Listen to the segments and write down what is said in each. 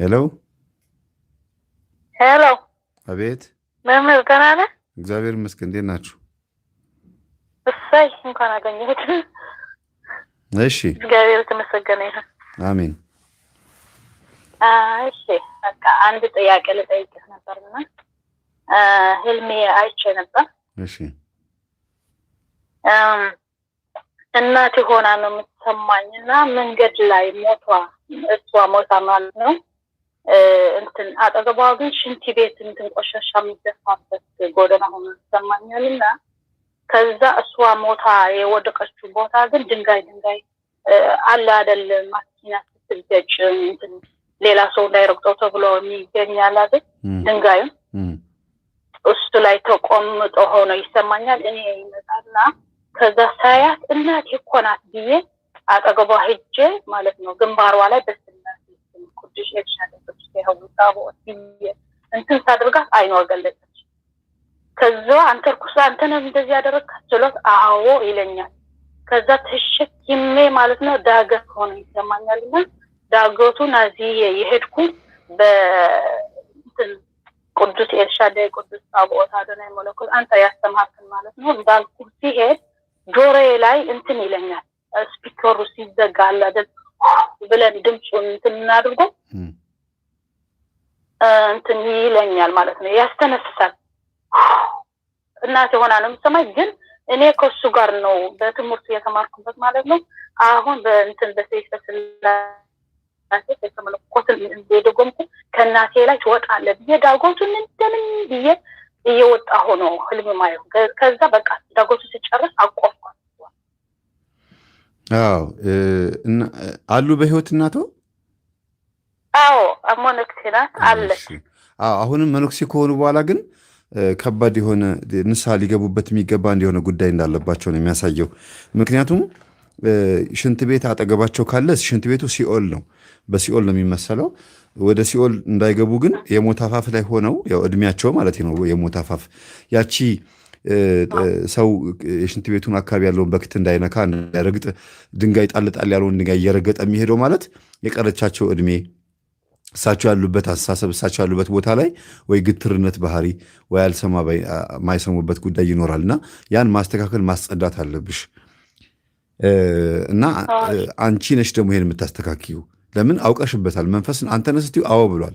ሄሎ ሄሎ። አቤት መምህር ደህና ነህ? እግዚአብሔር ይመስገን። እንዴት ናችሁ? እሰይ እንኳን አገኘሁት። እሺ እግዚአብሔር የተመሰገነ ይሁን። አሜን። እሺ በቃ አንድ ጥያቄ ልጠይቅህ ነበር ነበርና ህልሜ አይቼ ነበር። እሺ እናት ሆና ነው የምትሰማኝ እና መንገድ ላይ ሞቷ እሷ ሞታ ማለት ነው እንትን አጠገቧ ግን ሽንት ቤት እንትን ቆሻሻ የሚደፋበት ጎደና ሆኖ ይሰማኛል። እና ከዛ እሷ ሞታ የወደቀችው ቦታ ግን ድንጋይ ድንጋይ አለ አደል ማኪና ስትገጭ እንትን ሌላ ሰው እንዳይረግጠው ተብሎ የሚገኛል አይደል ድንጋዩ እሱ ላይ ተቆምጦ ሆኖ ይሰማኛል። እኔ ይመጣና ከዛ ሳያት እናቴ እኮ ናት ብዬ አጠገቧ ሂጄ ማለት ነው ግንባሯ ላይ በስ ልጅ ሄድሽ አለበች የሀውጣ በወት እንትን ሳድርጋት አይኗ ገለጸች። ከዛ አንተ ርኩስ አንተ ነህ እንደዚህ ያደረግካት ስሎት አዎ ይለኛል። ከዛ ተሸክሜ ማለት ነው ዳገት ሆነ ይሰማኛል እና ዳገቱን እዚህ የሄድኩ በእንትን ቅዱስ ኤልሻዳይ ቅዱስ ጣብዖት አዶናይ መለኮት አንተ ያስተማርክን ማለት ነው እንዳልኩ ሲሄድ ጆሮዬ ላይ እንትን ይለኛል። ስፒከሩ ሲዘጋ አለ ብለን ድምፁን እንትን እናድርጎ እንትን ይለኛል ማለት ነው፣ ያስተነፍሳል። እናት የሆና ነው የምሰማኝ። ግን እኔ ከሱ ጋር ነው በትምህርቱ የተማርኩበት ማለት ነው። አሁን በእንትን በሴፈስላሴ የተመለኮትን የደጎምኩ ከእናቴ ላይ ትወጣለ ብዬ ዳጎቱን እንደምን ብዬ እየወጣ ሆኖ ህልም ማየሁ። ከዛ በቃ ዳጎቱ ሲጨርስ አቆፍኳል። አዎ አሉ በህይወት እናቶ? አዎ መነኩሴ ናት አለች። አሁንም መነኩሴ ከሆኑ በኋላ ግን ከባድ የሆነ ንስሐ ሊገቡበት የሚገባ እንዲሆነ ጉዳይ እንዳለባቸው ነው የሚያሳየው። ምክንያቱም ሽንት ቤት አጠገባቸው ካለ ሽንት ቤቱ ሲኦል ነው፣ በሲኦል ነው የሚመሰለው። ወደ ሲኦል እንዳይገቡ ግን የሞት አፋፍ ላይ ሆነው ያው እድሜያቸው ማለት ነው የሞት አፋፍ ያቺ ሰው የሽንት ቤቱን አካባቢ ያለውን በክት እንዳይነካ እንዳይረግጥ ድንጋይ ጣልጣል ያለውን ድንጋይ እየረገጠ የሚሄደው ማለት የቀረቻቸው እድሜ እሳቸው ያሉበት አስተሳሰብ እሳቸው ያሉበት ቦታ ላይ ወይ ግትርነት ባህሪ ወይ አልሰማ ማይሰሙበት ጉዳይ ይኖራል እና ያን ማስተካከል ማስጸዳት አለብሽ እና አንቺ ነሽ ደግሞ ይሄን የምታስተካክዩ። ለምን አውቀሽበታል። መንፈስን አንተ ነህ አዎ ብሏል።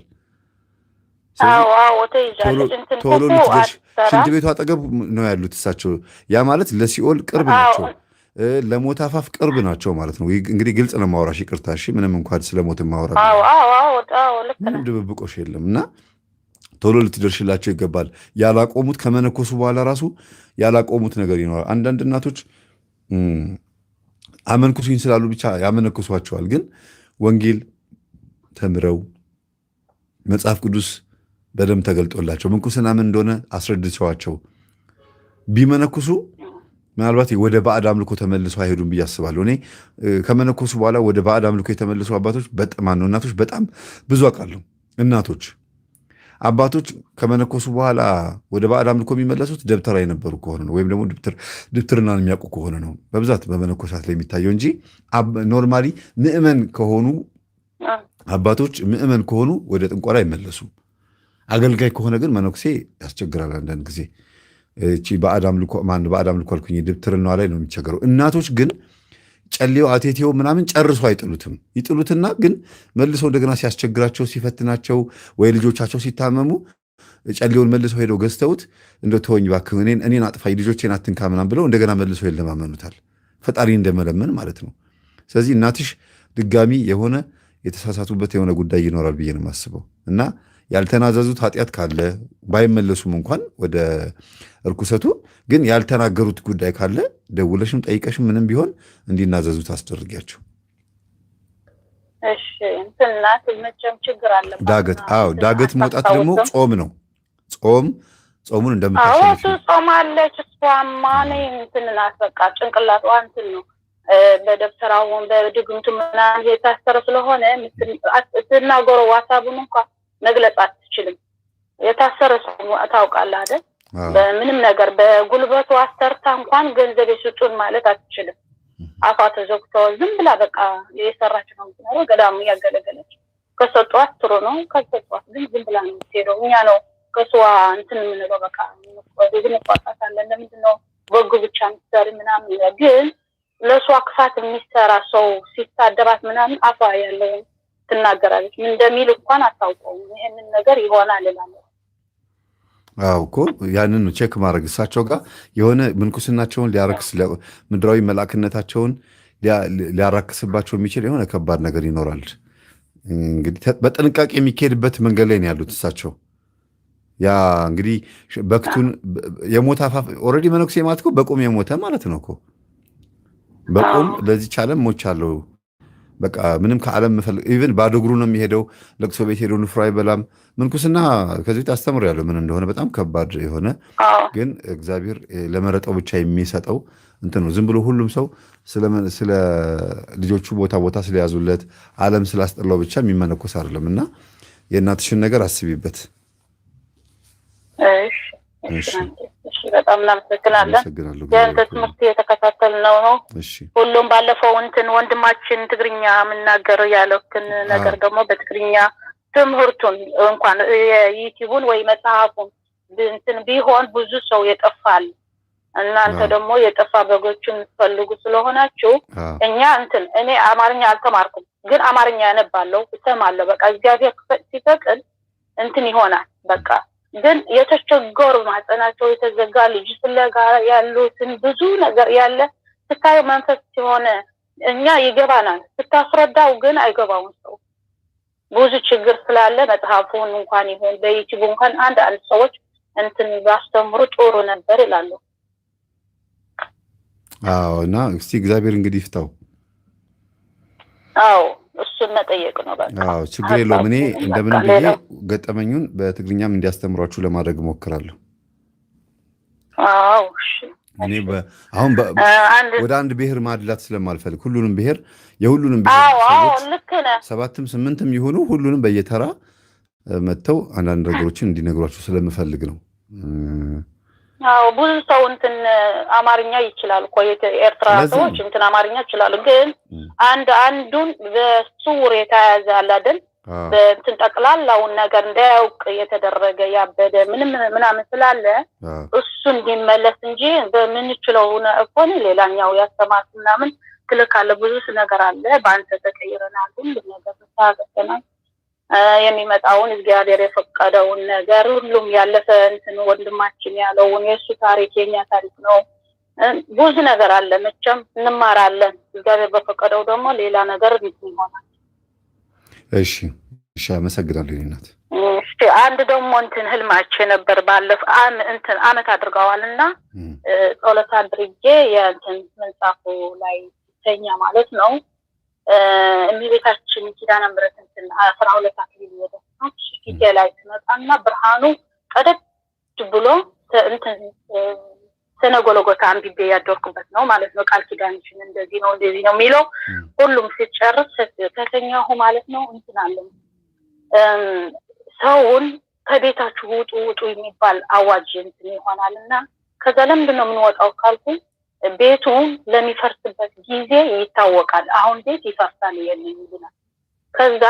ቶሎ ልትደርሽ ሽንት ቤቱ አጠገብ ነው ያሉት እሳቸው። ያ ማለት ለሲኦል ቅርብ ናቸው፣ ለሞት አፋፍ ቅርብ ናቸው ማለት ነው። እንግዲህ ግልጽ ነው ማውራሽ፣ ይቅርታ እሺ። ምንም እንኳን ስለ ሞት ማውራ ምንም ድብብቆሽ የለም እና ቶሎ ልትደርሽላቸው ይገባል። ያላቆሙት ከመነኮሱ በኋላ ራሱ ያላቆሙት ነገር ይኖራል። አንዳንድ እናቶች አመንኩሱኝ ስላሉ ብቻ ያመነኩሷቸዋል። ግን ወንጌል ተምረው መጽሐፍ ቅዱስ በደንብ ተገልጦላቸው ምንኩስና ምን እንደሆነ አስረድቸዋቸው ቢመነኩሱ ምናልባት ወደ ባዕድ አምልኮ ተመልሶ አይሄዱም ብዬ አስባለሁ። እኔ ከመነኮሱ በኋላ ወደ ባዕድ አምልኮ የተመልሱ አባቶች በጣም እናቶች በጣም ብዙ አውቃለሁ። እናቶች አባቶች ከመነኮሱ በኋላ ወደ ባዕድ አምልኮ የሚመለሱት ደብተራ የነበሩ ከሆነ ነው፣ ወይም ደግሞ ድብትርናን የሚያውቁ ከሆነ ነው በብዛት በመነኮሳት ላይ የሚታየው እንጂ ኖርማሊ ምእመን ከሆኑ አባቶች ምእመን ከሆኑ ወደ ጥንቆላ አይመለሱም። አገልጋይ ከሆነ ግን መነኩሴ ያስቸግራል። አንዳንድ ጊዜ እቺ በአዳም ልኮ በአዳም ልኮ አልኩኝ ድብትርና ላይ ነው የሚቸገረው። እናቶች ግን ጨሌው አቴቴው ምናምን ጨርሶ አይጥሉትም። ይጥሉትና ግን መልሰው እንደገና ሲያስቸግራቸው ሲፈትናቸው፣ ወይ ልጆቻቸው ሲታመሙ ጨሌውን መልሰው ሄደው ገዝተውት እንደ ተወኝ እባክህ እኔን አጥፋ ልጆቼን አትንካ ምናምን ብለው እንደገና መልሰው ይለማመኑታል። ፈጣሪ እንደመለመን ማለት ነው። ስለዚህ እናትሽ ድጋሚ የሆነ የተሳሳቱበት የሆነ ጉዳይ ይኖራል ብዬ ነው የማስበው እና ያልተናዘዙት ኃጢአት ካለ ባይመለሱም እንኳን ወደ እርኩሰቱ ግን ያልተናገሩት ጉዳይ ካለ ደውለሽም ጠይቀሽም ምንም ቢሆን እንዲናዘዙት አስደርጊያቸው። ዳገት አዎ፣ ዳገት መውጣት ደግሞ ጾም ነው። ጾም ጾሙን እንደምታሸንፍ አለች። እሷማ እኔ እንትን ናት፣ በቃ ጭንቅላቷ እንትን ነው በደብተራውን በድግምቱ ምናምን የታሰረ ስለሆነ ትናገረው ዋሳቡን እንኳ መግለጽ አትችልም። የታሰረ ሰው ታውቃለህ አይደል? በምንም ነገር በጉልበቱ አሰርታ እንኳን ገንዘብ የስጡን ማለት አትችልም። አፋ ተዘግቶ ዝም ብላ በቃ የሰራች ነው ምትኖረ ገዳሙ እያገለገለች ከሰጧት ጥሩ ነው፣ ከሰጧት ግን ዝም ብላ ነው ሄደው። እኛ ነው ከሷ እንትን የምንለው በቃ ግን እንቋጣታለን። ለምንድን ነው በጉ ብቻ ምትሰሪ ምናምን ግን ለእሷ ክፋት የሚሰራ ሰው ሲታደባት ምናምን አፋ ያለውን ትናገራለች። ምን እንደሚል እንኳን አታውቀውም። ይህንን ነገር ይሆናል እላለሁ። አዎ እኮ ያንን ነው ቼክ ማድረግ እሳቸው ጋር የሆነ ምንኩስናቸውን ሊያረክስ ምድራዊ መልአክነታቸውን ሊያራክስባቸው የሚችል የሆነ ከባድ ነገር ይኖራል። እንግዲህ በጥንቃቄ የሚካሄድበት መንገድ ላይ ነው ያሉት እሳቸው። ያ እንግዲህ በክቱን የሞተ አፋፍ ኦልሬዲ መነኩሴ ማለት እኮ በቁም የሞተ ማለት ነው እኮ በቁም ለዚህ ቻለም ሞች አለው በቃ ምንም ከዓለም መፈለግ ኢቨን ባዶ እግሩ ነው የሚሄደው። ለቅሶ ቤት ሄዶ ንፍሮ አይበላም። ምንኩስና ከዚህ ቤት አስተምር ያለው ምን እንደሆነ በጣም ከባድ የሆነ ግን እግዚአብሔር ለመረጠው ብቻ የሚሰጠው እንትን ነው። ዝም ብሎ ሁሉም ሰው ስለ ልጆቹ ቦታ ቦታ ስለያዙለት ዓለም ስላስጠላው ብቻ የሚመነኮስ አይደለም እና የእናትሽን ነገር አስቢበት። በጣም እናመሰግናለን። ትምህርት የተከታተል ነው ነው ሁሉም ባለፈው እንትን ወንድማችን ትግርኛ የምናገር ያለክን ነገር ደግሞ በትግርኛ ትምህርቱን እንኳን የዩቲቡን ወይ መጽሐፉን እንትን ቢሆን ብዙ ሰው የጠፋል። እናንተ ደግሞ የጠፋ በጎቹ የምትፈልጉ ስለሆናችሁ እኛ እንትን እኔ አማርኛ አልተማርኩም፣ ግን አማርኛ ያነባለው እሰማለሁ። በቃ እግዚአብሔር ሲፈቅድ እንትን ይሆናል በቃ ግን የተቸገሩ ማጠናቸው የተዘጋ ልጅ ፍለጋ ያሉትን ብዙ ነገር ያለ ስታዩ መንፈስ ሲሆነ እኛ ይገባናል። ስታስረዳው ግን አይገባውም ሰው ብዙ ችግር ስላለ መጽሐፉን እንኳን ይሁን በዩቲዩብ እንኳን አንድ አንድ ሰዎች እንትን ባስተምሩ ጥሩ ነበር ይላሉ። አዎ እና እስቲ እግዚአብሔር እንግዲህ ይፍታው። አዎ መጠየቅ ነው። በቃ ችግር የለውም። እኔ እንደምንም ብዬ ገጠመኙን በትግርኛም እንዲያስተምሯችሁ ለማድረግ እሞክራለሁ። አሁን ወደ አንድ ብሔር ማድላት ስለማልፈልግ ሁሉንም ብሔር የሁሉንም ሰባትም ስምንትም ይሆኑ ሁሉንም በየተራ መጥተው አንዳንድ ነገሮችን እንዲነግሯቸው ስለምፈልግ ነው። አዎ ብዙ ሰው እንትን አማርኛ ይችላል እኮ የኤርትራ ሰዎች እንትን አማርኛ ይችላሉ። ግን አንድ አንዱን በስውር የተያያዘ አለ አይደል? በእንትን ጠቅላላውን ነገር እንዳያውቅ የተደረገ ያበደ ምንም ምናምን ስላለ እሱ እንዲመለስ እንጂ በምንችለው እኮን ሌላኛው ያስተማር ምናምን ትልካለ ብዙ ነገር አለ። በአንተ ተቀይረናል ሁሉ ነገር ተናገተናል የሚመጣውን እግዚአብሔር የፈቀደውን ነገር ሁሉም ያለፈ እንትን ወንድማችን ያለውን የእሱ ታሪክ የኛ ታሪክ ነው። ብዙ ነገር አለ መቼም እንማራለን። እግዚአብሔር በፈቀደው ደግሞ ሌላ ነገር እንትን ይሆናል። እሺ፣ እሺ፣ አመሰግናለሁ ናት። አንድ ደግሞ እንትን ህልማቼ ነበር ባለፍ እንትን አመት አድርገዋል እና ጸሎት አድርጌ የእንትን ምንጻፉ ላይ ተኛ ማለት ነው እመቤታችን ኪዳነ ምሕረት እንትን አስራ ሁለት አክሊል እየደፋች ፊቴ ላይ ትመጣና ብርሃኑ ቀደድ ብሎ እንትን ስነ ጎልጎታ ያደርኩበት ነው ማለት ነው። ቃል ኪዳንችን እንደዚህ ነው እንደዚህ ነው የሚለው ሁሉም ሲጨርስ ተተኛሁ ማለት ነው። እንትን አለ ሰውን ከቤታችሁ ውጡ ውጡ የሚባል አዋጅ እንትን ይሆናል እና ከዛ ለምንድን ነው የምንወጣው ካልኩኝ ቤቱን ለሚፈርስበት ጊዜ ይታወቃል። አሁን ቤት ይፈርሳል የሚል ይላል። ከዛ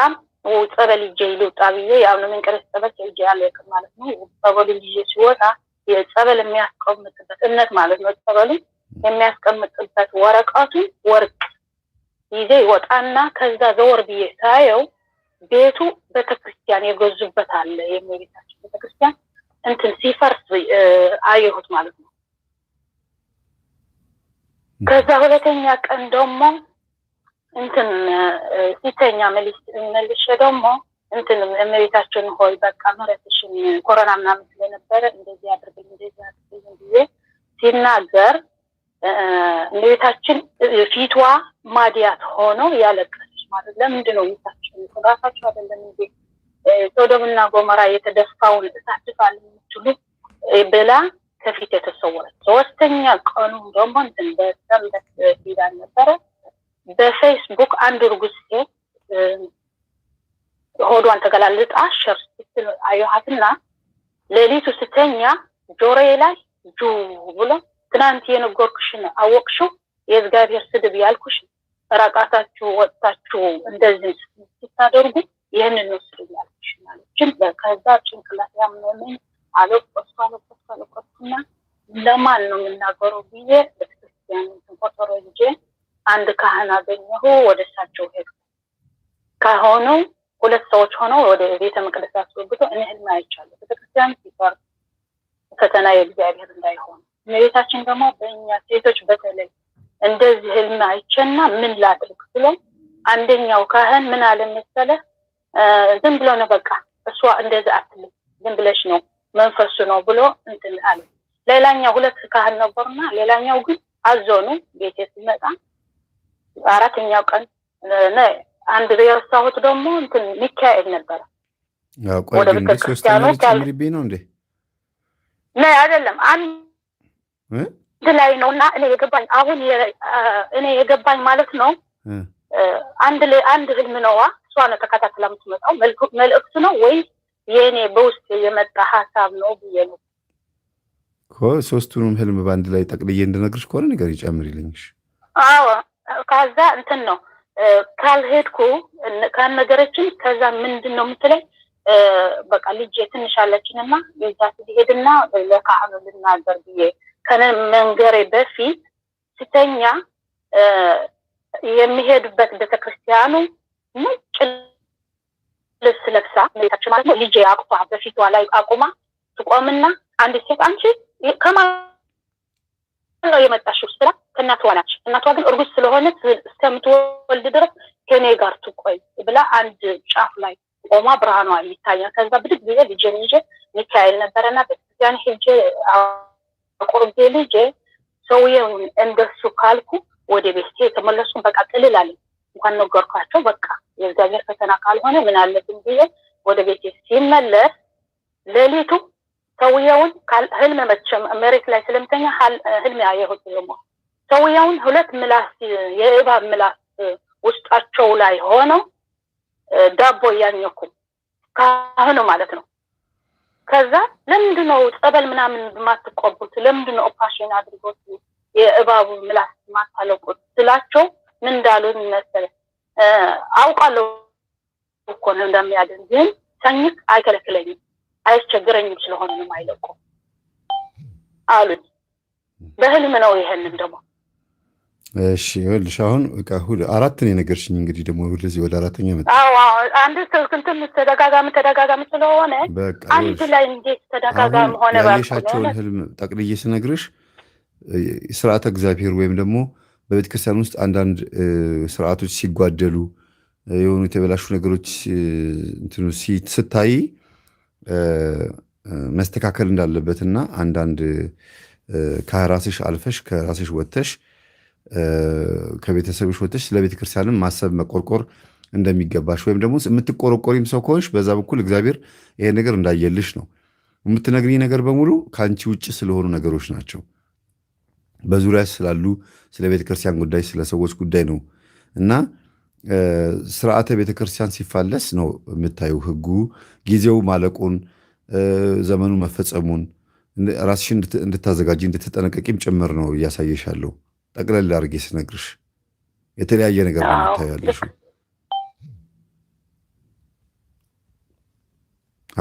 ጸበል ይዤ ልውጣ ብዬ የአሁኑ መንቀረስ ጸበል ይዤ ያለቅ ማለት ነው። ጸበሉ ይዤ ሲወጣ የጸበል የሚያስቀምጥበት እነት ማለት ነው። ጸበሉ የሚያስቀምጥበት ወረቀቱ ወርቅ ይዤ ይወጣና ከዛ ዘወር ብዬ ሳየው ቤቱ ቤተክርስቲያን የገዙበት አለ። የሚቤታቸው ቤተክርስቲያን እንትን ሲፈርስ አየሁት ማለት ነው። ከዛ ሁለተኛ ቀን ደግሞ እንትን ሲተኛ መልሼ ደግሞ እንትን እመቤታችን ሆይ በቃ ምሕረትሽን ኮሮና ምናምን ስለነበረ እንደዚህ አድርግልኝ እንደዚህ አድርግልኝ ጊዜ ሲናገር እመቤታችን ፊቷ ማዲያት ሆኖ ያለቀሰች ማለት ለምንድን ነው ቤታችን ራሳችሁ አይደለም እንዴ ሶዶምና ጎመራ የተደፋውን እሳት ድፋል የምትሉ ብላ ከፊት የተሰወረች። ሶስተኛ ቀኑ ደግሞ እንደሰንበት ሂዳን ነበረ። በፌስቡክ አንድ እርጉዝ ሴት ሆዷን ተገላልጣ ሸር ስትል አየኋትና ሌሊቱ ስተኛ ጆሮዬ ላይ ጁ ብሎ ትናንት የነገርኩሽን አወቅሽው የእግዚአብሔር ስድብ ያልኩሽ ራቃታችሁ ወጥታችሁ እንደዚህ ስታደርጉ ይህንን ነው ስድብ ያልኩሽ ማለችን። ከዛ ጭንቅላት ያምነምን አለቆ ለማን ነው የምናገረው ብዬ ቤተክርስቲያን ቆጠሮ እንጂ አንድ ካህን አገኘሁ። ወደ እሳቸው ሄድኩ። ከሆኑ ሁለት ሰዎች ሆነው ወደ ቤተ መቅደስ አስወግቶ እኔ ህልም አይቻለሁ። ቤተክርስቲያን ሲፈርስ ፈተና የእግዚአብሔር እንዳይሆን እመቤታችን ደግሞ በእኛ ሴቶች በተለይ እንደዚህ ህልም አይቼና ምን ላድርግ ብሎ አንደኛው ካህን ምን አለ መሰለህ፣ ዝም ብሎ ነው በቃ እሷ እንደዚህ አትልም፣ ዝም ብለሽ ነው መንፈሱ ነው ብሎ እንትን አለ ሌላኛው ሁለት ካህን ነበሩና ሌላኛው ግን አዘኑ። ቤቴ ስመጣ አራተኛው ቀን አንድ የረሳሁት ደግሞ እንትን ሚካኤል ነበረ። ወደ ነው እንዴ? አይደለም አንድ ላይ ነው። እና እኔ የገባኝ አሁን እኔ የገባኝ ማለት ነው አንድ ላይ አንድ ህልም ነዋ። እሷ ነው ተከታትላ የምትመጣው። መልእክቱ ነው ወይ የእኔ በውስጥ የመጣ ሀሳብ ነው ብዬ ነው ሶስቱንም ህልም በአንድ ላይ ጠቅልዬ እንድነግርሽ ከሆነ ነገር ይጨምር ይልኝሽ። አዎ ከዛ እንትን ነው ካልሄድኩ ካልነገረችን ከዛ ምንድን ነው የምትለኝ? በቃ ልጅ ትንሽ አለችን እና ይዛት ሄድና ለካህኑ ልናገር ብዬ ከመንገሬ በፊት ስተኛ የሚሄዱበት ቤተክርስቲያኑ ነጭ ልብስ ለብሳ ቤታችን ማለት ነው ልጄ አቅፋ በፊቷ ላይ አቁማ ትቆምና አንድ ሴት አንቺ ከማን ነው የመጣሽው ስላ ከእናቷ ናች። እናቷ ግን እርጉዝ ስለሆነ እስከምትወልድ ድረስ ከኔ ጋር ትቆይ ብላ አንድ ጫፍ ላይ ቆማ ብርሃኗ ይታያል። ከዛ ብድግ ጊዜ ልጄን ይዤ ሚካኤል ነበረና ቤተክርስቲያን ሄጄ አቆርጌ ልጄ ሰውየውን እንደሱ ካልኩ ወደ ቤት የተመለሱ በቃ ቅልል አለ። እንኳን ነገርኳቸው። በቃ የእግዚአብሔር ፈተና ካልሆነ ምን አለብን ብዬ ወደ ቤት ሲመለስ ሌሊቱ ሰውየውን ህልም መቼም መሬት ላይ ስለምተኛ ህልም ያየሁት ደግሞ ሰውየውን ሁለት ምላስ የእባብ ምላስ ውስጣቸው ላይ ሆነው ዳቦ እያኘኩ ካህኑ ማለት ነው። ከዛ ለምንድ ነው ጸበል ምናምን የማትቆቡት? ለምንድ ነው ኦፓሽን አድርጎት የእባቡ ምላስ ማታለቁት? ስላቸው ምን እንዳሉኝ መሰለ አውቃለሁ እኮ ነው እንደሚያድን፣ ግን ሰኝክ አይከለክለኝም አያስቸግረኝም ስለሆነ ነው አይለቁም አሉኝ። በህልም ነው ይህንን ደግሞ እሺ ይኸውልሽ አሁን በቃ አራት ነው የነገርሽኝ። እንግዲህ ደግሞ ወደዚህ ወደ አራተኛ መ አንድ ስልክንትም ተደጋጋሚ ተደጋጋሚ ስለሆነ አንድ ላይ እንዴት ተደጋጋሚ ሆነ? ያየሻቸውን ህልም ጠቅልዬ ስነግርሽ ስርዓተ እግዚአብሔር ወይም ደግሞ በቤተክርስቲያን ውስጥ አንዳንድ ስርዓቶች ሲጓደሉ የሆኑ የተበላሹ ነገሮች ስታይ መስተካከል እንዳለበትና አንዳንድ ከራስሽ አልፈሽ ከራስሽ ወተሽ ከቤተሰብሽ ወተሽ ስለ ቤተክርስቲያንም ማሰብ መቆርቆር እንደሚገባሽ ወይም ደግሞ የምትቆረቆሪም ሰው ከሆንሽ በዛ በኩል እግዚአብሔር ይሄ ነገር እንዳየልሽ ነው። የምትነግሪኝ ነገር በሙሉ ከአንቺ ውጭ ስለሆኑ ነገሮች ናቸው። በዙሪያ ስላሉ ስለ ቤተክርስቲያን ጉዳይ፣ ስለ ሰዎች ጉዳይ ነው እና ስርዓተ ክርስቲያን ሲፋለስ ነው የምታዩ። ህጉ ጊዜው ማለቁን ዘመኑ መፈጸሙን ራስሽን እንድታዘጋጅ እንድትጠነቀቂም ጭምር ነው እያሳየሻለሁ። ጠቅለል አድርጌ ስነግርሽ የተለያየ ነገር ነው የምታዩ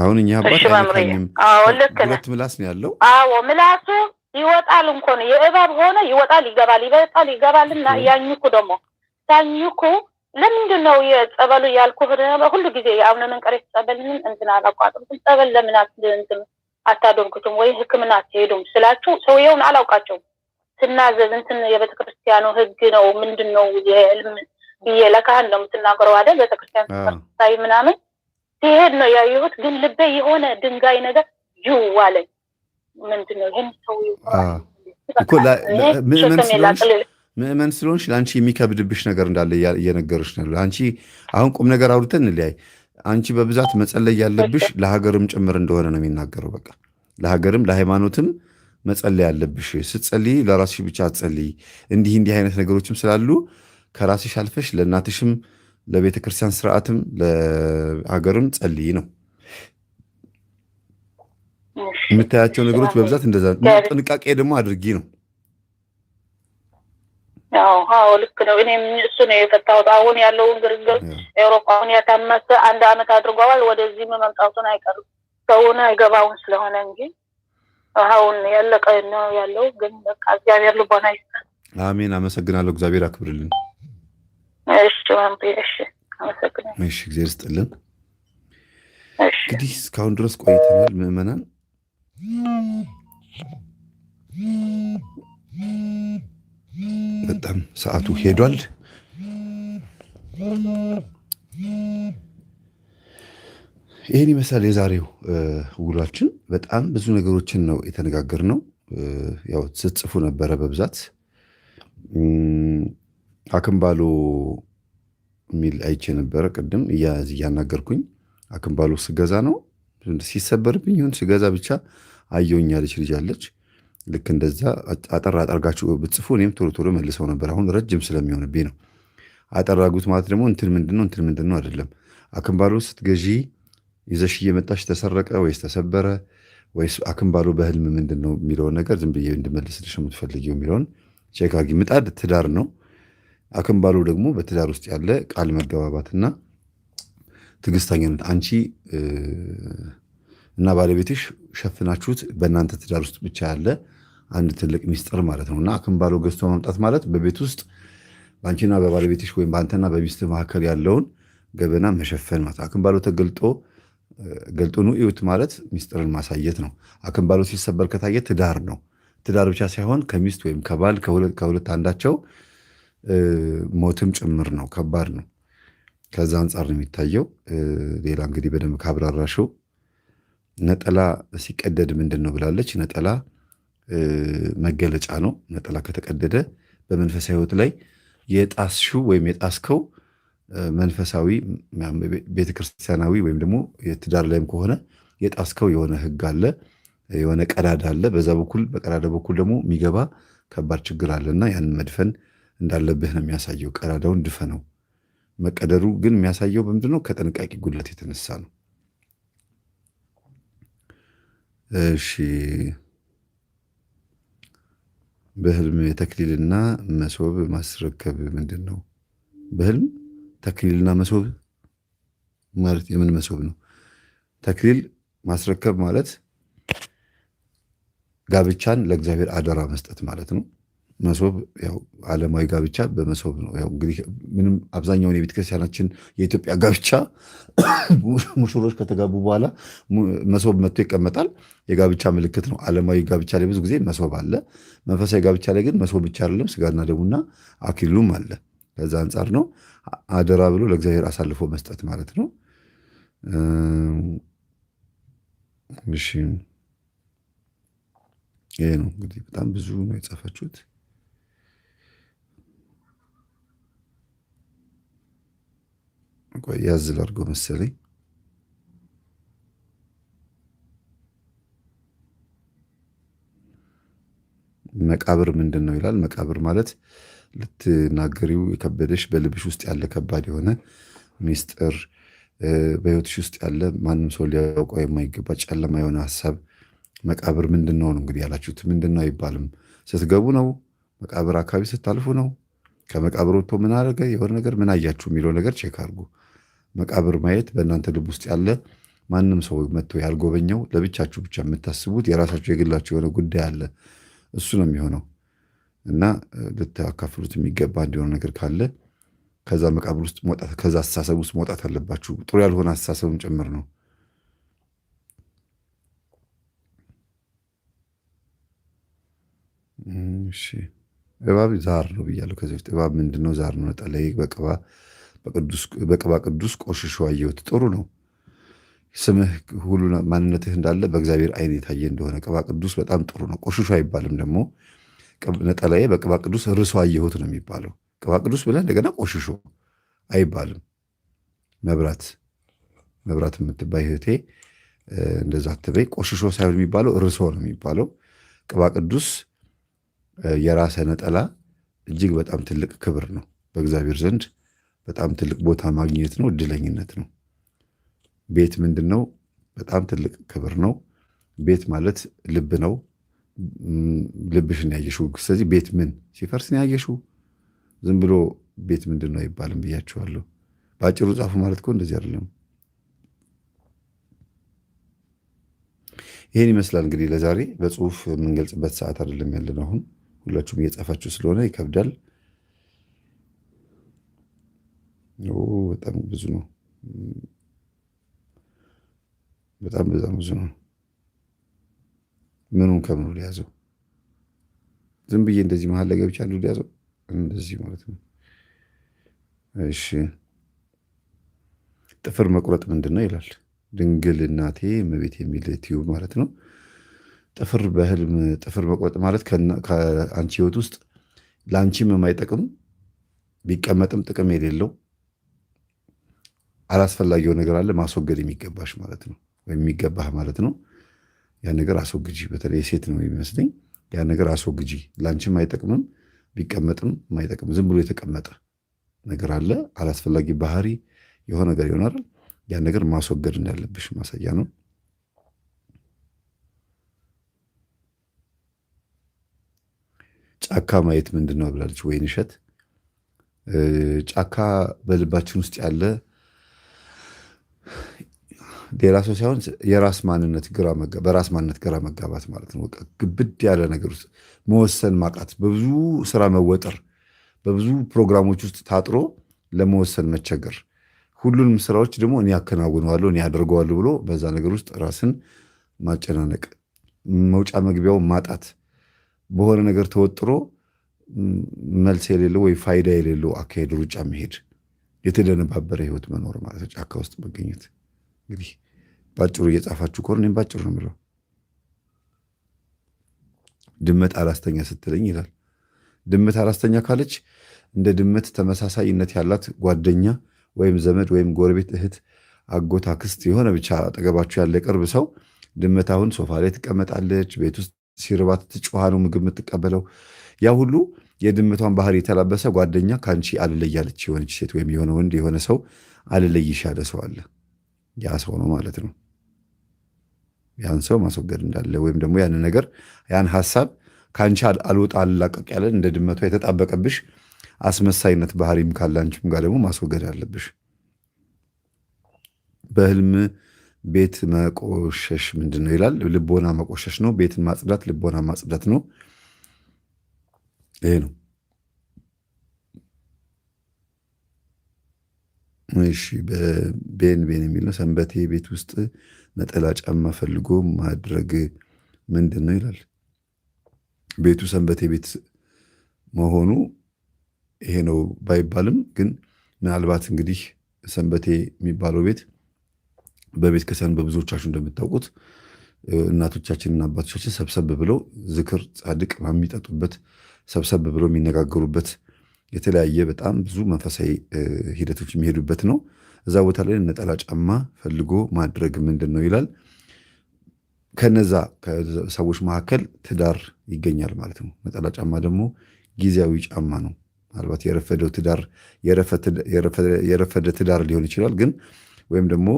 አሁን እኛ አባት አይነካኝም ሁለት ምላስ ነው ያለው። አዎ ምላሱ ይወጣል እንኮ የእባብ ሆነ ይወጣል ይገባል፣ ይወጣል ይገባል እና ያኝኩ ደግሞ ታኝኩ ለምንድን ነው የጸበሉ ያልኩህ ሁሉ ጊዜ የአቡነ መንቀሬት ጸበልን እንትን አላቋጥሩትም? ጸበል ለምን እንትን አታደርጉትም ወይ ሕክምና አትሄዱም ስላችሁ ሰውየውን አላውቃቸውም። ስናዘዝ እንትን የቤተክርስቲያኑ ህግ ነው ምንድን ነው የልም ብዬ ለካህን ነው የምትናገረው አይደል? ቤተክርስቲያን ሳይ ምናምን ሲሄድ ነው ያየሁት። ግን ልቤ የሆነ ድንጋይ ነገር ጅው አለኝ። ምንድን ነው ይህን ሰው ምእመን ምእመን ስለሆንሽ ለአንቺ የሚከብድብሽ ነገር እንዳለ እየነገርሽ ነው። አንቺ አሁን ቁም ነገር አውርተን እንለያይ። አንቺ በብዛት መጸለይ ያለብሽ ለሀገርም ጭምር እንደሆነ ነው የሚናገረው። በቃ ለሀገርም ለሃይማኖትም መጸለይ ያለብሽ። ስትጸልይ ለራስሽ ብቻ አትጸልይ። እንዲህ እንዲህ አይነት ነገሮችም ስላሉ ከራስሽ አልፈሽ ለእናትሽም ለቤተ ክርስቲያን ስርዓትም ለሀገርም ጸልይ ነው የምታያቸው ነገሮች በብዛት እንደዛ። ጥንቃቄ ደግሞ አድርጊ ነው አዎ ልክ ነው። እኔም እሱ ነው የፈታሁት። አሁን ያለውን ግርግር ኤውሮፓውን ያታመሰ አንድ አመት አድርገዋል። ወደዚህም መምጣቱን አይቀርም ሰውን አይገባውን ስለሆነ እንጂ አሁን ያለቀ ነው ያለው። ግን በቃ እግዚአብሔር ልቦና ይስጣል። አሜን። አመሰግናለሁ። እግዚአብሔር አክብርልን። እሺ እሺ፣ አመሰግናለሁ። እሺ፣ እግዚአብሔር ይስጥልን። እንግዲህ እስካሁን ድረስ ቆይተናል ምዕመናን በጣም ሰዓቱ ሄዷል። ይህን ይመስላል የዛሬው ውሏችን። በጣም ብዙ ነገሮችን ነው የተነጋገርነው። ያው ስትጽፉ ነበረ በብዛት አክምባሎ የሚል አይቼ ነበረ ቅድም እያናገርኩኝ አክምባሎ ስገዛ ነው ሲሰበርብኝ ይሁን ስገዛ ብቻ አየውኛለች ልጅ አለች ልክ እንደዛ አጠር አጠርጋችሁ ብጽፉ እኔም ቶሎ ቶሎ መልሰው ነበር። አሁን ረጅም ስለሚሆንብኝ ነው። አጠራጉት ማለት ደግሞ እንትን ምንድነው እንትን ምንድነው አይደለም። አክንባሎ ስትገዢ ይዘሽ እየመጣሽ ተሰረቀ ወይስ ተሰበረ ወይስ አክንባሎ በህልም ምንድን ነው የሚለውን ነገር ዝም ብዬ እንድመልስልሽ የምትፈልጊው የሚለውን ቼክ አድርጊ። ምጣድ ትዳር ነው። አክንባሎ ደግሞ በትዳር ውስጥ ያለ ቃል መገባባትና ትዕግስተኛነት አንቺ እና ባለቤትሽ ሸፍናችሁት በእናንተ ትዳር ውስጥ ብቻ ያለ አንድ ትልቅ ሚስጥር ማለት ነው እና ገዝቶ መምጣት ማለት በቤት ውስጥ በአንቺና በባለቤትሽ ወይም በአንተና በሚስት መካከል ያለውን ገበና መሸፈን ማለት አክንባሎ ተገልጦ ኑ እዩት ማለት ሚስጥርን ማሳየት ነው። አክንባሎ ሲሰበር ከታየ ትዳር ነው። ትዳር ብቻ ሳይሆን ከሚስት ወይም ከባል ከሁለት አንዳቸው ሞትም ጭምር ነው። ከባድ ነው። ከዛ አንጻር ነው የሚታየው። ሌላ እንግዲህ በደንብ ካብራራሹ ነጠላ ሲቀደድ ምንድን ነው ብላለች ነጠላ መገለጫ ነው። ነጠላ ከተቀደደ በመንፈሳዊ ህይወት ላይ የጣስሹ ወይም የጣስከው መንፈሳዊ ቤተክርስቲያናዊ ወይም ደግሞ የትዳር ላይም ከሆነ የጣስከው የሆነ ህግ አለ፣ የሆነ ቀዳዳ አለ። በዛ በኩል በቀዳዳ በኩል ደግሞ የሚገባ ከባድ ችግር አለና ያንን መድፈን እንዳለብህ ነው የሚያሳየው። ቀዳዳውን ድፈ ነው። መቀደሩ ግን የሚያሳየው በምንድን ነው? ከጥንቃቄ ጉድለት የተነሳ ነው። እሺ በህልም ተክሊልና መሶብ ማስረከብ ምንድን ነው? በህልም ተክሊልና መሶብ ማለት የምን መሶብ ነው? ተክሊል ማስረከብ ማለት ጋብቻን ለእግዚአብሔር አደራ መስጠት ማለት ነው። መሶብ ያው ዓለማዊ ጋብቻ በመሶብ ነው። ያው እንግዲህ ምንም አብዛኛውን የቤተክርስቲያናችን ክርስቲያናችን የኢትዮጵያ ጋብቻ ሙሽሮች ከተጋቡ በኋላ መሶብ መጥቶ ይቀመጣል። የጋብቻ ምልክት ነው። ዓለማዊ ጋብቻ ላይ ብዙ ጊዜ መሶብ አለ። መንፈሳዊ ጋብቻ ላይ ግን መሶብ ብቻ አይደለም፣ ስጋና ደሙና አኪሉም አለ። ከዛ አንጻር ነው አደራ ብሎ ለእግዚአብሔር አሳልፎ መስጠት ማለት ነው። ይሄ ነው እንግዲህ በጣም ብዙ ነው የጻፈችሁት። ቆይ ያዝ ላድርጎ መሰለኝ። መቃብር ምንድን ነው ይላል። መቃብር ማለት ልትናገሪው የከበደሽ በልብሽ ውስጥ ያለ ከባድ የሆነ ሚስጥር፣ በህይወትሽ ውስጥ ያለ ማንም ሰው ሊያውቀው የማይገባ ጨለማ የሆነ ሀሳብ መቃብር ምንድን ነው ነው እንግዲህ ያላችሁት። ምንድን ነው አይባልም። ስትገቡ ነው መቃብር አካባቢ ስታልፉ ነው። ከመቃብር ወጥቶ ምን አደረገ የሆነ ነገር ምን አያችሁ የሚለው ነገር ቼክ አድርጉ። መቃብር ማየት በእናንተ ልብ ውስጥ ያለ ማንም ሰው መጥቶ ያልጎበኘው ለብቻችሁ ብቻ የምታስቡት የራሳችሁ የግላችሁ የሆነ ጉዳይ አለ። እሱ ነው የሚሆነው እና ልታካፍሉት የሚገባ እንዲሆነ ነገር ካለ ከዛ መቃብር ውስጥ መውጣት ከዛ አስተሳሰብ ውስጥ መውጣት አለባችሁ። ጥሩ ያልሆነ አስተሳሰብም ጭምር ነው። እባብ ዛር ነው ብያለሁ ከዚህ በፊት። እባብ ምንድነው? ዛር ነው። ነጠላ በቅባ በቅባ ቅዱስ ቆሽሾ አየሁት። ጥሩ ነው። ስምህ ሁሉ ማንነትህ እንዳለ በእግዚአብሔር ዓይን የታየ እንደሆነ ቅባ ቅዱስ በጣም ጥሩ ነው። ቆሽሾ አይባልም ደግሞ ነጠላዬ በቅባ ቅዱስ ርሶ አየሁት ነው የሚባለው። ቅባ ቅዱስ ብለህ እንደገና ቆሽሾ አይባልም። መብራት መብራት የምትባይ እህቴ እንደዛ አትበይ። ቆሽሾ ሳይሆን የሚባለው ርሶ ነው የሚባለው። ቅባ ቅዱስ የራሰ ነጠላ እጅግ በጣም ትልቅ ክብር ነው በእግዚአብሔር ዘንድ በጣም ትልቅ ቦታ ማግኘት ነው፣ እድለኝነት ነው። ቤት ምንድን ነው? በጣም ትልቅ ክብር ነው። ቤት ማለት ልብ ነው። ልብሽን ያየሽው። ስለዚህ ቤት ምን ሲፈርስን ያየሽው። ዝም ብሎ ቤት ምንድን ነው አይባልም ብያችኋለሁ። በአጭሩ ጻፉ ማለት እኮ እንደዚህ አይደለም። ይህን ይመስላል እንግዲህ ለዛሬ በጽሁፍ የምንገልጽበት ሰዓት አይደለም ያለን። አሁን ሁላችሁም እየጻፋችሁ ስለሆነ ይከብዳል። በጣም ብዙ ነው። በጣም በጣም ብዙ ነው። ምኑን ከምኑ ሊያዘው? ዝም ብዬ እንደዚህ መሀል ላይ ገብቻ አንዱ ሊያዘው እንደዚህ ማለት ነው። እሺ ጥፍር መቁረጥ ምንድን ነው ይላል። ድንግል እናቴ እመቤት የሚል ቲዩብ ማለት ነው። ጥፍር በህልም ጥፍር መቁረጥ ማለት ከአንቺ ህይወት ውስጥ ለአንቺም የማይጠቅም ቢቀመጥም ጥቅም የሌለው አላስፈላጊው ነገር አለ ማስወገድ የሚገባሽ ማለት ነው፣ ወይም የሚገባህ ማለት ነው። ያ ነገር አስወግጂ። በተለይ ሴት ነው የሚመስለኝ። ያ ነገር አስወግጂ። ለአንቺም አይጠቅምም፣ ቢቀመጥም ማይጠቅም ዝም ብሎ የተቀመጠ ነገር አለ። አላስፈላጊ ባህሪ የሆነ ነገር ይሆናል። ያ ነገር ማስወገድ እንዳለብሽ ማሳያ ነው። ጫካ ማየት ምንድን ነው ብላለች ወይን እሸት። ጫካ በልባችን ውስጥ ያለ ሌላ ሰው ሳይሆን የራስ ማንነት በራስ ማንነት ግራ መጋባት ማለት ነው። ግብድ ያለ ነገር ውስጥ መወሰን ማቃት በብዙ ስራ መወጠር፣ በብዙ ፕሮግራሞች ውስጥ ታጥሮ ለመወሰን መቸገር፣ ሁሉንም ስራዎች ደግሞ እኔ ያከናውነዋለሁ እኔ ያደርገዋለሁ ብሎ በዛ ነገር ውስጥ ራስን ማጨናነቅ፣ መውጫ መግቢያው ማጣት፣ በሆነ ነገር ተወጥሮ መልስ የሌለው ወይ ፋይዳ የሌለው አካሄድ ሩጫ መሄድ፣ የተደነባበረ ህይወት መኖር ማለት ጫካ ውስጥ መገኘት እንግዲህ ባጭሩ እየጻፋችሁ ከሆነ እኔም ባጭሩ ነው የምለው። ድመት አራስተኛ ስትለኝ ይላል። ድመት አራስተኛ ካለች እንደ ድመት ተመሳሳይነት ያላት ጓደኛ ወይም ዘመድ ወይም ጎረቤት፣ እህት፣ አጎት፣ አክስት የሆነ ብቻ አጠገባችሁ ያለ ቅርብ ሰው ድመት አሁን ሶፋ ላይ ትቀመጣለች። ቤት ውስጥ ሲርባት ትጮሃ ነው ምግብ የምትቀበለው። ያ ሁሉ የድመቷን ባህሪ የተላበሰ ጓደኛ ከአንቺ አልለያለች የሆነች ሴት ወይም የሆነ ወንድ የሆነ ሰው አልለይሽ ያለ ሰው አለ። ያ ሰው ነው ማለት ነው። ያን ሰው ማስወገድ እንዳለ ወይም ደግሞ ያን ነገር ያን ሀሳብ ከአንቺ አልወጣ አላቀቅ ያለን እንደ ድመቷ የተጣበቀብሽ አስመሳይነት ባህሪም ካላንቺም ጋር ደግሞ ማስወገድ አለብሽ። በህልም ቤት መቆሸሽ ምንድን ነው ይላል? ልቦና መቆሸሽ ነው። ቤትን ማጽዳት ልቦና ማጽዳት ነው። ይሄ ነው። እሺ ቤን ቤን የሚለው ሰንበቴ ቤት ውስጥ ነጠላ ጫማ ፈልጎ ማድረግ ምንድን ነው ይላል። ቤቱ ሰንበቴ ቤት መሆኑ ይሄ ነው ባይባልም ግን ምናልባት እንግዲህ ሰንበቴ የሚባለው ቤት በቤት ክርስቲያን በብዙዎቻችሁ እንደምታውቁት እናቶቻችንና አባቶቻችን ሰብሰብ ብለው ዝክር ጻድቅ የሚጠጡበት ሰብሰብ ብለው የሚነጋገሩበት የተለያየ በጣም ብዙ መንፈሳዊ ሂደቶች የሚሄዱበት ነው። እዛ ቦታ ላይ ነጠላ ጫማ ፈልጎ ማድረግ ምንድን ነው ይላል። ከነዛ ሰዎች መካከል ትዳር ይገኛል ማለት ነው። ነጠላ ጫማ ደግሞ ጊዜያዊ ጫማ ነው። ምናልባት የረፈደው ትዳር የረፈደ ትዳር ሊሆን ይችላል ግን ወይም ደግሞ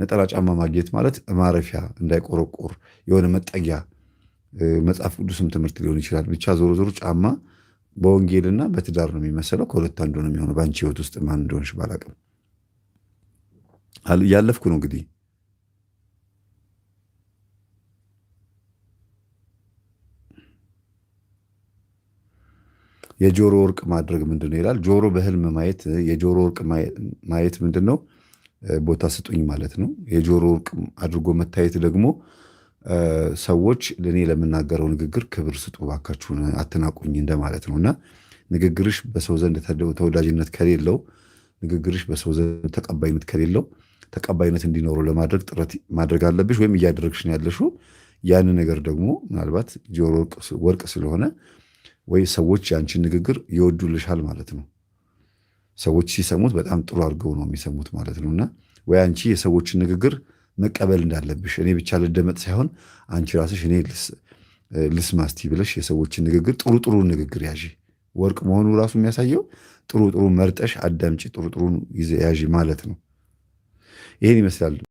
ነጠላ ጫማ ማግኘት ማለት ማረፊያ እንዳይቆረቆር የሆነ መጠጊያ መጽሐፍ ቅዱስም ትምህርት ሊሆን ይችላል። ብቻ ዞሮ ዞሮ ጫማ በወንጌልና በትዳር ነው የሚመስለው ከሁለት አንዱ ነው የሚሆነው። በአንቺ ህይወት ውስጥ ማን እንደሆንሽ ባላቅም እያለፍኩ ነው እንግዲህ የጆሮ ወርቅ ማድረግ ምንድን ነው ይላል። ጆሮ በህልም ማየት የጆሮ ወርቅ ማየት ምንድን ነው? ቦታ ስጡኝ ማለት ነው። የጆሮ ወርቅ አድርጎ መታየት ደግሞ ሰዎች ለእኔ ለምናገረው ንግግር ክብር ስጡ እባካችሁን፣ አትናቁኝ እንደማለት ነው እና ንግግርሽ በሰው ዘንድ ተወዳጅነት ከሌለው፣ ንግግርሽ በሰው ዘንድ ተቀባይነት ከሌለው ተቀባይነት እንዲኖረው ለማድረግ ጥረት ማድረግ አለብሽ ወይም እያደረግሽ ነው ያለሽው። ያን ነገር ደግሞ ምናልባት ጆሮ ወርቅ ስለሆነ ወይ ሰዎች ያንቺን ንግግር ይወዱልሻል ማለት ነው። ሰዎች ሲሰሙት በጣም ጥሩ አድርገው ነው የሚሰሙት ማለት ነው እና ወይ አንቺ የሰዎችን ንግግር መቀበል እንዳለብሽ እኔ ብቻ ልደመጥ ሳይሆን አንቺ ራስሽ እኔ ልስማስቲ ብለሽ የሰዎችን ንግግር ጥሩ ጥሩ ንግግር ያዢ። ወርቅ መሆኑ ራሱ የሚያሳየው ጥሩ ጥሩ መርጠሽ አዳምጪ፣ ጥሩ ጥሩ ያዢ ማለት ነው። ይህን ይመስላል።